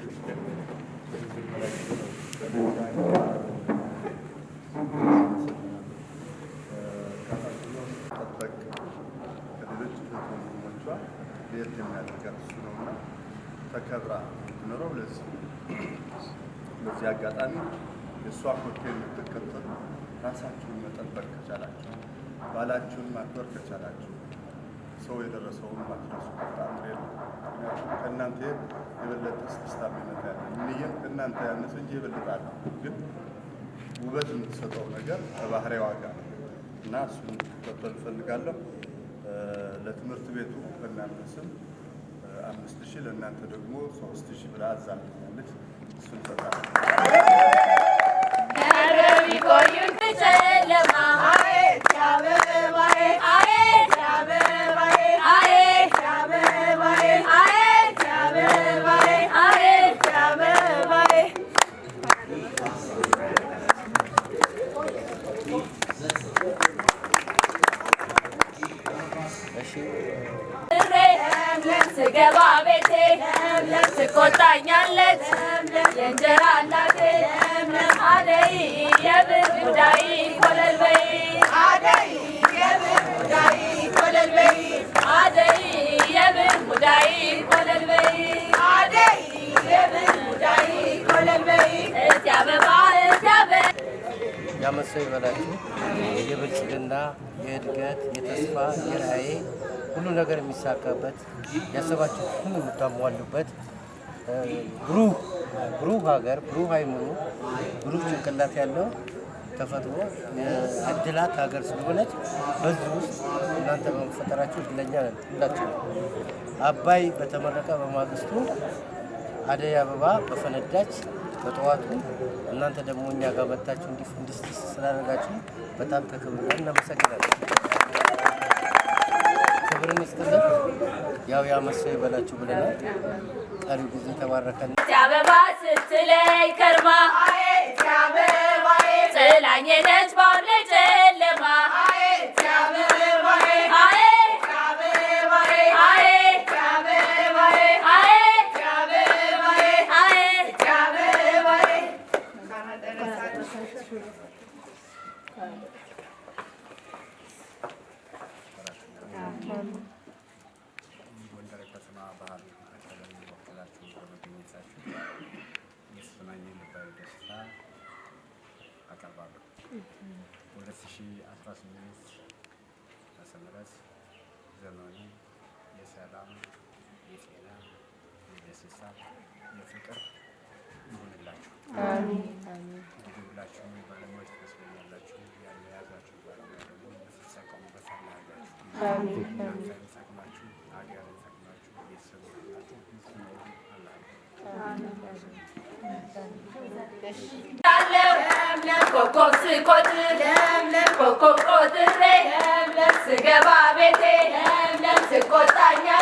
ለየት የሚያደርጋት እሱ ነው እና ተከብራ የምትኖረው ለዚህ በዚህ አጋጣሚ የእሷ ኮቴ የምትከተሉ ራሳችሁን መጠበቅ ከቻላችሁ፣ ባላችሁን ማክበር ከቻላችሁ ሰው የደረሰውን ማድረሱ ጣጥሬ ነው። ምክንያቱም ከእናንተ የበለጠ ስስታሚነት ያለ እምዬም ከእናንተ ያነሰ እንጂ የበለጠ አለ። ግን ውበት የምትሰጠው ነገር ከባህሪ ዋጋ ነው እና እሱን ትከተል እፈልጋለሁ። ለትምህርት ቤቱ ከእናንተ ስም አምስት ሺህ ለእናንተ ደግሞ ሶስት ሺህ ብላ አዛለኛለች። እሱን ፈጣ ሰው ይበላችሁ። የብልጽግና፣ የእድገት፣ የተስፋ፣ የራዕይ ሁሉ ነገር የሚሳካበት ያሰባችሁ ሁሉ የምታሟሉበት ብሩህ ብሩህ ሀገር፣ ብሩህ አይምሮ፣ ብሩህ ጭንቅላት ያለው ተፈጥሮ እድላት ሀገር ስለሆነች በዚህ ውስጥ እናንተ በመፈጠራችሁ እድለኛ ነን ሁላችሁ። አባይ በተመረቀ በማግስቱ አደይ አበባ በፈነዳች በጠዋቱ እናንተ ደግሞ እኛ ጋር መታችሁ እንዲህ እንድስድስ ስላደረጋችሁ በጣም ተከብረን እናመሰግናለን። ክብርን ይስጥልን። ያው ያመሰው ይበላችሁ ብለናል። ቀሪ ጊዜ ተባረከን። አበባ ስትለይ ከርማ ጥላኝ ነች ሲሳብ የፍቅር ይሆንላችሁ። እንግዲህ ሁላችሁም ባለሙያዎች ትመስለኛላችሁ። ያን የያዛችሁ ባለሙያ ደግሞ የምትጠቀሙበት አላያችሁ ናምሳን አገርን ጠቅማችሁ ቤተሰብ ለምለም ኮከብ ስቆጥር ለምለም ኮከብ ቆጥሬ ለምለም ስገባ ቤቴ ለምለም ትቆጣኛለች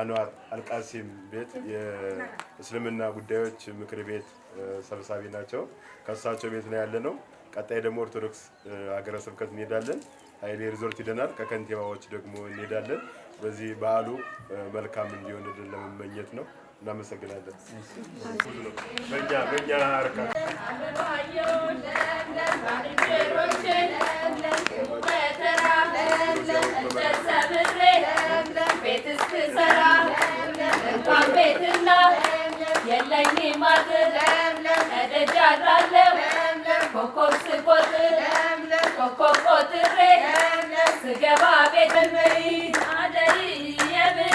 አንዋር አልቃሲም ቤት የእስልምና ጉዳዮች ምክር ቤት ሰብሳቢ ናቸው። ከእሳቸው ቤት ነው ያለ ነው። ቀጣይ ደግሞ ኦርቶዶክስ ሀገረ ስብከት እንሄዳለን። ሀይሌ ሪዞርት ሂደናል። ከከንቲባዎች ደግሞ እንሄዳለን። በዚህ በዓሉ መልካም እንዲሆንልን ለመመኘት ነው። እናመሰግናለን። በእኛ በእኛ አለኝ ማዝር ለደጅ አድራለሁ ኮከብ ስቆጥር ስገባ ቤት በይ አደይ የምን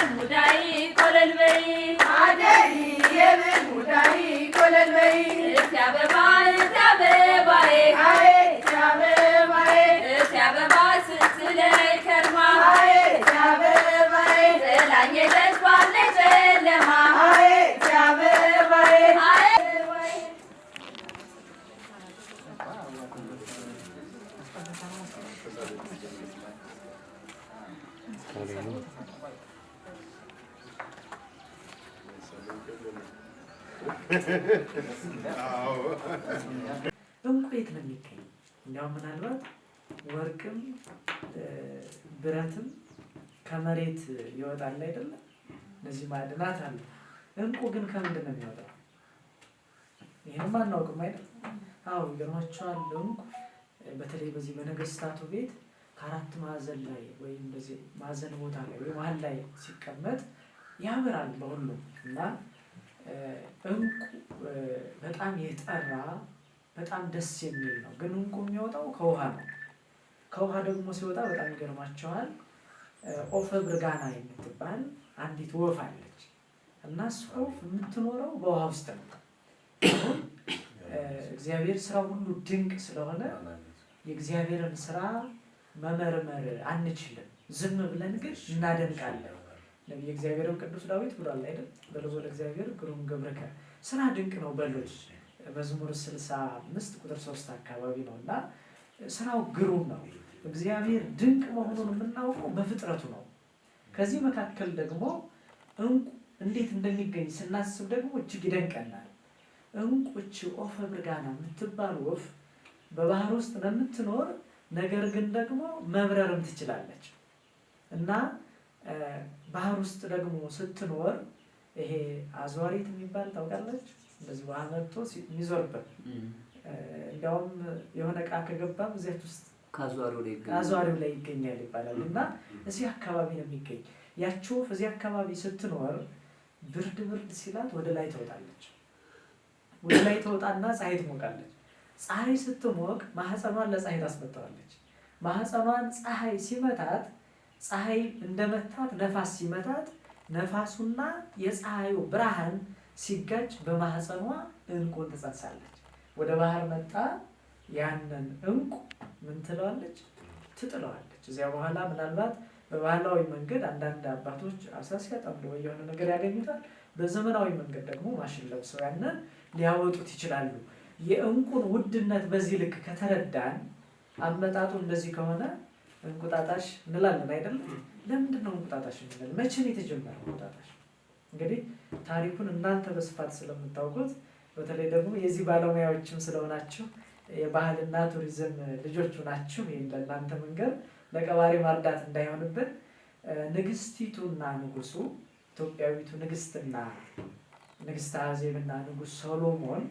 እንቁ የት ነው የሚገኝ? እንዲያውም ምናልባት ወርቅም ብረትም ከመሬት ይወጣል አይደለም? እነዚህ ማዕድናት አሉ። እንቁ ግን ከምንድን ነው የሚወጣው? ይህንም አናውቅም አይደል? አዎ ይገርማቸዋል። እንቁ በተለይ በዚህ በነገስታቱ ቤት ከአራት ማዕዘን ላይ ወይም በዚህ ማዕዘን ቦታ ላይ ወይ መሀል ላይ ሲቀመጥ ያምራል በሁሉም እና እንቁ በጣም የጠራ በጣም ደስ የሚል ነው። ግን እንቁ የሚወጣው ከውሃ ነው። ከውሃ ደግሞ ሲወጣ በጣም ይገርማቸዋል። ኦፈ ብርጋና የምትባል አንዲት ወፍ አለች እና እሱ ወፍ የምትኖረው በውሃ ውስጥ ነው። እግዚአብሔር ስራ ሁሉ ድንቅ ስለሆነ የእግዚአብሔርን ስራ መመርመር አንችልም። ዝም ብለን ግን እናደንቃለን። ነቢይ እግዚአብሔርም ቅዱስ ዳዊት ብሏል አይደል? በልዞ ለእግዚአብሔር ግሩም ግብርከ ስራ ድንቅ ነው በሎች መዝሙር 65 ቁጥር 3 አካባቢ ነው እና ስራው ግሩም ነው። እግዚአብሔር ድንቅ መሆኑን የምናውቀው በፍጥረቱ ነው። ከዚህ መካከል ደግሞ እንቁ እንዴት እንደሚገኝ ስናስብ ደግሞ እጅግ ይደንቀናል። እንቁች ኦፈ ብርጋና የምትባል ወፍ በባህር ውስጥ ለምትኖር ነገር ግን ደግሞ መብረርም ትችላለች እና ባህር ውስጥ ደግሞ ስትኖር ይሄ አዝዋሪት የሚባል ታውቃለች። እንደዚህ ውሃ መጥቶ የሚዞርበት እንዲያውም የሆነ እቃ ከገባም እዚያች ውስጥ ከአዝዋሪው ላይ ይገኛል ይባላል። እና እዚህ አካባቢ ነው የሚገኝ። ያች ወፍ እዚህ አካባቢ ስትኖር ብርድ ብርድ ሲላት ወደ ላይ ትወጣለች። ወደ ላይ ትወጣና ፀሐይ ትሞቃለች። ፀሐይ ስትሞቅ ማህፀኗን ለፀሐይ ታስመታዋለች። ማህፀኗን ፀሐይ ሲመታት ፀሐይ እንደመታት ነፋስ ሲመታት ነፋሱና የፀሐዩ ብርሃን ሲጋጭ በማህፀኗ እንቁን ትጸንሳለች። ወደ ባህር መጣ ያንን እንቁ ምን ትለዋለች? ትጥለዋለች። እዚያ በኋላ ምናልባት በባህላዊ መንገድ አንዳንድ አባቶች አሳ ሲያጠምዱ ወይ የሆነ ነገር ያገኙታል። በዘመናዊ መንገድ ደግሞ ማሽን ለብሰው ያንን ሊያወጡት ይችላሉ። የእንቁን ውድነት በዚህ ልክ ከተረዳን አመጣጡ እንደዚህ ከሆነ እንቁጣጣሽ እንላለን አይደለ? ለምንድን ነው እንቁጣጣሽ እንላለን? መቼ ነው የተጀመረው እንቁጣጣሽ? እንግዲህ ታሪኩን እናንተ በስፋት ስለምታውቁት በተለይ ደግሞ የዚህ ባለሙያዎችም ስለሆናችሁ የባህልና ቱሪዝም ልጆቹ ናችሁ። ይህን ለእናንተ መንገር ለቀባሪ ማርዳት እንዳይሆንብን ንግስቲቱና ንጉሱ ኢትዮጵያዊቱ ንግስትና ንግስት አዜብና ንጉስ ሶሎሞን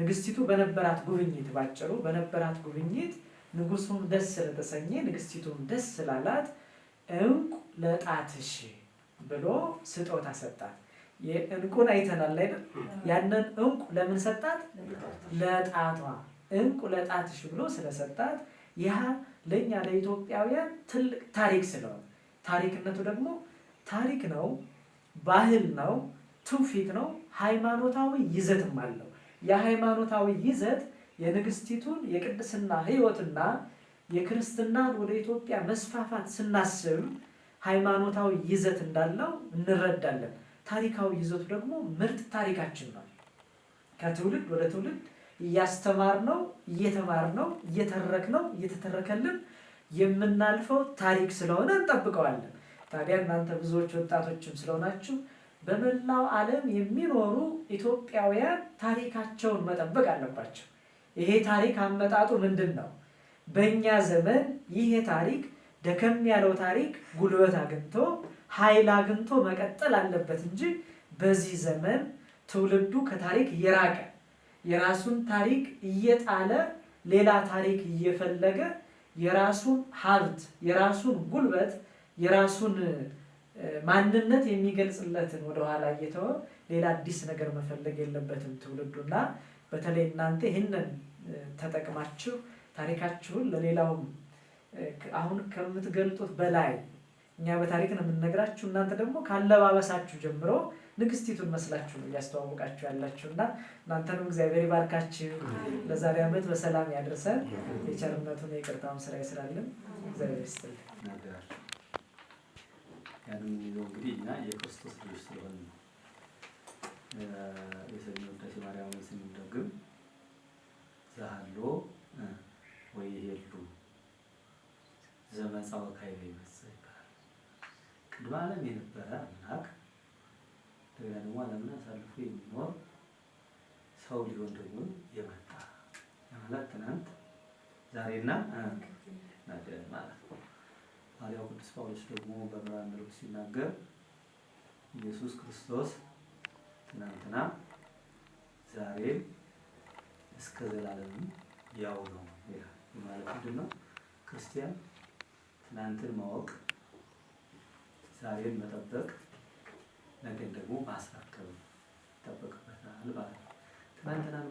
ንግስቲቱ በነበራት ጉብኝት ባጭሩ በነበራት ጉብኝት ንጉሱም ደስ ስለተሰኘ ንግስቲቱም ደስ ስላላት እንቁ ለጣትሽ ብሎ ስጦታ ሰጣት። እንቁን አይተናል አይደል? ያንን እንቁ ለምን ሰጣት? ለጣቷ እንቁ ለጣትሽ ብሎ ስለሰጣት ያ ለእኛ ለኢትዮጵያውያን ትልቅ ታሪክ ስለሆነ ታሪክነቱ ደግሞ ታሪክ ነው፣ ባህል ነው፣ ትውፊት ነው፣ ሃይማኖታዊ ይዘትም አለው። የሃይማኖታዊ ይዘት የንግስቲቱን የቅድስና ህይወትና የክርስትናን ወደ ኢትዮጵያ መስፋፋት ስናስብ ሃይማኖታዊ ይዘት እንዳለው እንረዳለን። ታሪካዊ ይዘቱ ደግሞ ምርጥ ታሪካችን ነው። ከትውልድ ወደ ትውልድ እያስተማር ነው፣ እየተማር ነው፣ እየተረክ ነው፣ እየተተረከልን የምናልፈው ታሪክ ስለሆነ እንጠብቀዋለን። ታዲያ እናንተ ብዙዎች ወጣቶችም ስለሆናችሁ በመላው ዓለም የሚኖሩ ኢትዮጵያውያን ታሪካቸውን መጠበቅ አለባቸው። ይሄ ታሪክ አመጣጡ ምንድን ነው? በእኛ ዘመን ይሄ ታሪክ ደከም ያለው ታሪክ ጉልበት አግኝቶ ኃይል አግኝቶ መቀጠል አለበት እንጂ በዚህ ዘመን ትውልዱ ከታሪክ እየራቀ የራሱን ታሪክ እየጣለ ሌላ ታሪክ እየፈለገ የራሱን ሀብት የራሱን ጉልበት የራሱን ማንነት የሚገልጽለትን ወደኋላ እየተወ ሌላ አዲስ ነገር መፈለግ የለበትም ትውልዱና በተለይ እናንተ ይህንን ተጠቅማችሁ ታሪካችሁን ለሌላውም አሁን ከምትገልጡት በላይ እኛ በታሪክ ነው የምንነግራችሁ፣ እናንተ ደግሞ ካለባበሳችሁ ጀምሮ ንግስቲቱን መስላችሁ ነው እያስተዋወቃችሁ ያላችሁ እና እናንተንም እግዚአብሔር ይባርካችሁ። ለዛሬ ዓመት በሰላም ያደርሰን። የቸርነቱን የይቅርታውን ስራ ይስራልን። እግዚአብሔር ይስጥልን። ያንም የሚለው እንግዲህ እኛ የክርስቶስ ልጆች ስለሆን ነው ጸሎታ ይባላል። ቅድመ ዓለም የነበረ አምላክ እንደገና ደግሞ ዓለምን አሳልፎ የሚኖር ሰው ሊሆን ደግሞ የመጣ ማለት ትናንት ዛሬና ነገ ማለት ነው። ሐዋርያው ቅዱስ ጳውሎስ ደግሞ በምዕራፍ አንድ ሲናገር ኢየሱስ ክርስቶስ ትናንትና ዛሬም እስከ ዘላለም ያው ነው ይላል። ማለት ምንድን ነው ክርስቲያን ትናንትን ማወቅ፣ ዛሬን መጠበቅ፣ ነገን ደግሞ ማስረከብ ይጠበቅበታል ማለት ነው። ትናንትናን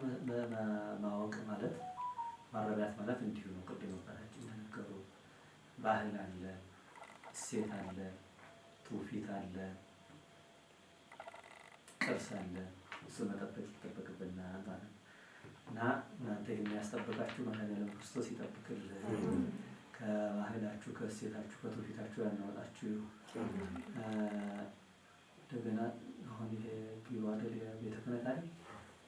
ማወቅ ማለት ማረዳት ማለት እንዲሁ ነው። ቅድም አባታችን ተነገሩ። ባህል አለ፣ እሴት አለ፣ ትውፊት አለ፣ ቅርስ አለ። እሱ መጠበቅ ይጠበቅብናል ማለት ነው እና እናንተ የሚያስጠብቃችሁ መድኃኒዓለም ክርስቶስ ይጠብቅልን። ከባህላችሁ ከእሴታችሁ ከትውፊታችሁ ያናወጣችሁ እንደገና አሁን ይሄ ቢሮ አደል ቤተ ክህነት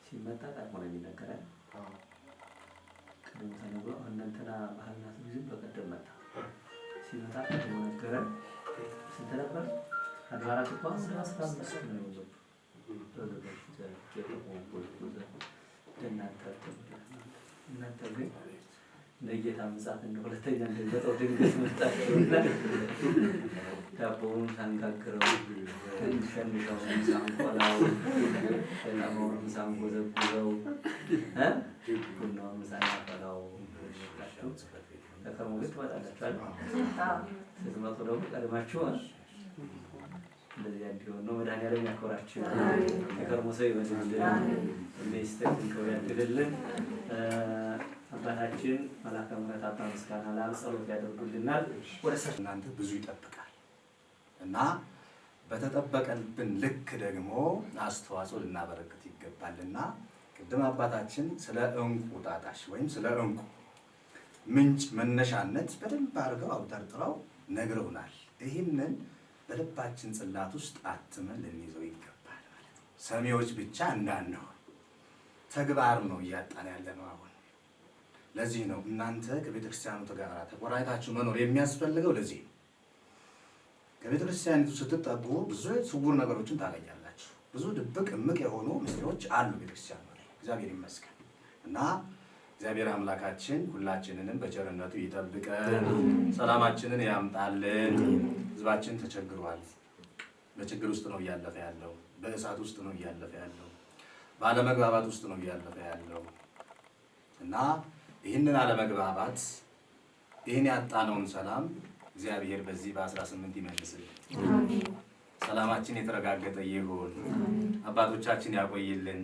ሲመጣ ጠቅሞ ነው የሚነገረን። ቀደም ተነግሮ እንትና ባህልና ቱሪዝም በቀደም መጣ ሲመጣ ቀድሞ ነገረን። ስንት ነበር? አድባራት እኳ ስራ ስራ አምስት ነው የሚገቡ ለጌታ ምጻት እንደ ሁለተኛ እንደሚመጣው ድንገት መጣቸውና ዳቦውን ሳንጋግረው ሸንሻውን ሳንቆላው ሸላማውን ሳንጎዘጉዘው ቡናውን ሳናፈላው ተከሙ ግን ትመጣላችኋል። ስትመጡ ደግሞ ቀድማችኋል። እንደዚያ እንዲሆን ነው። መድኃኒዓለም ያኮራችሁ፣ የከርሞ ሰው ያድልልን። አባታችን መላከ ምሕረት አባ ምስጋና ላብ ጸሎት ያደርጉልናል። ወደ ሰ እናንተ ብዙ ይጠብቃል እና በተጠበቀብን ልክ ደግሞ አስተዋጽኦ ልናበረክት ይገባልና ቅድም አባታችን ስለ እንቁጣጣሽ ወይም ስለ እንቁ ምንጭ መነሻነት በደንብ አድርገው አብጠርጥረው ነግረውናል። ይህንን በልባችን ጽላት ውስጥ አትመን ልንይዘው ይገባል ማለት ሰሚዎች ብቻ እንዳንሆን ተግባር ነው እያጣን ያለ ነው አሁን ለዚህ ነው እናንተ ከቤተ ጋር ተቆራኝታችሁ መኖር የሚያስፈልገው። ለዚህ ነው ከቤተ ስትጠጉ ብዙ ስውር ነገሮችን ታገኛላችሁ። ብዙ ድብቅ እምቅ የሆኑ ምስጢሮች አሉ ቤተ ክርስቲያኑ ላይ። እግዚአብሔር ይመስገን እና እግዚአብሔር አምላካችን ሁላችንንም በቸርነቱ ይጠብቀን፣ ሰላማችንን ያምጣልን። ህዝባችን ተቸግሯል። በችግር ውስጥ ነው እያለፈ ያለው፣ በእሳት ውስጥ ነው እያለፈ ያለው፣ ባለመግባባት ውስጥ ነው እያለፈ ያለው እና ይህንን አለመግባባት ይህን ያጣነውን ሰላም እግዚአብሔር በዚህ በአስራ ስምንት ይመልስል። ሰላማችን የተረጋገጠ ይሁን። አባቶቻችን ያቆይልን፣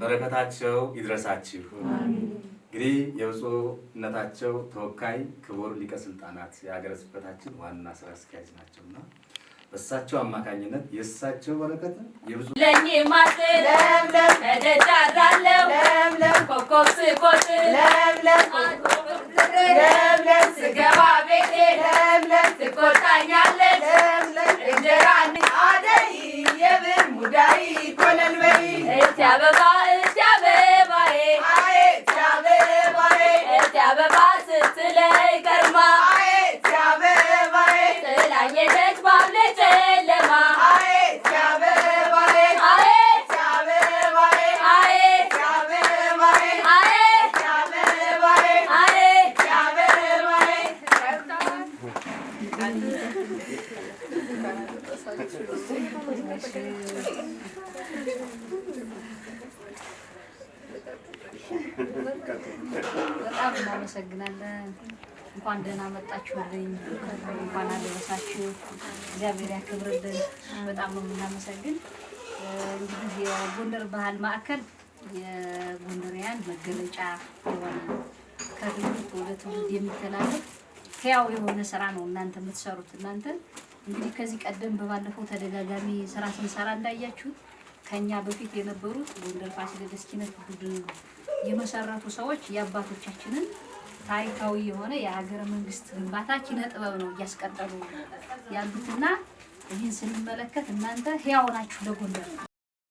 በረከታቸው ይድረሳችሁ። እንግዲህ የብፁዕነታቸው ተወካይ ክቡር ሊቀ ስልጣናት የሀገረ ስብከታችን ዋና ስራ አስኪያጅ ናቸውና በእሳቸው አማካኝነት የእሳቸው በረከት የብፁዕ ለእኔ ማስለም ለምለም ለምለም ስገባ ቤቴ ለምለም ትቆጣኛለች እንጀራ አደይ የብር ሙዳይ ኮለል በይ በጣም እናመሰግናለን። እንኳን ደህና መጣችሁልኝ፣ እንኳን አደረሳችሁ። እግዚአብሔር ያክብርልን። በጣም ነው የምናመሰግን። እንግዲህ የጎንደር ባህል ማዕከል የጎንደሪያን መገለጫ የሆነ ከትውልድ ወደ ትውልድ የሚተላለፍ ህያው የሆነ ስራ ነው እናንተ የምትሰሩት። እናንተ እንግዲህ ከዚህ ቀደም በባለፈው ተደጋጋሚ ስራ ስንሰራ እንዳያችሁት ከኛ በፊት የነበሩት ጎንደር ፋሲለደስ ኪነት ቡድን የመሰረቱ ሰዎች የአባቶቻችንን ታሪካዊ የሆነ የሀገረ መንግስት ግንባታ ኪነ ጥበብ ነው እያስቀጠሉ ያሉትና ይህን ስንመለከት እናንተ ህያው ናችሁ ለጎንደር።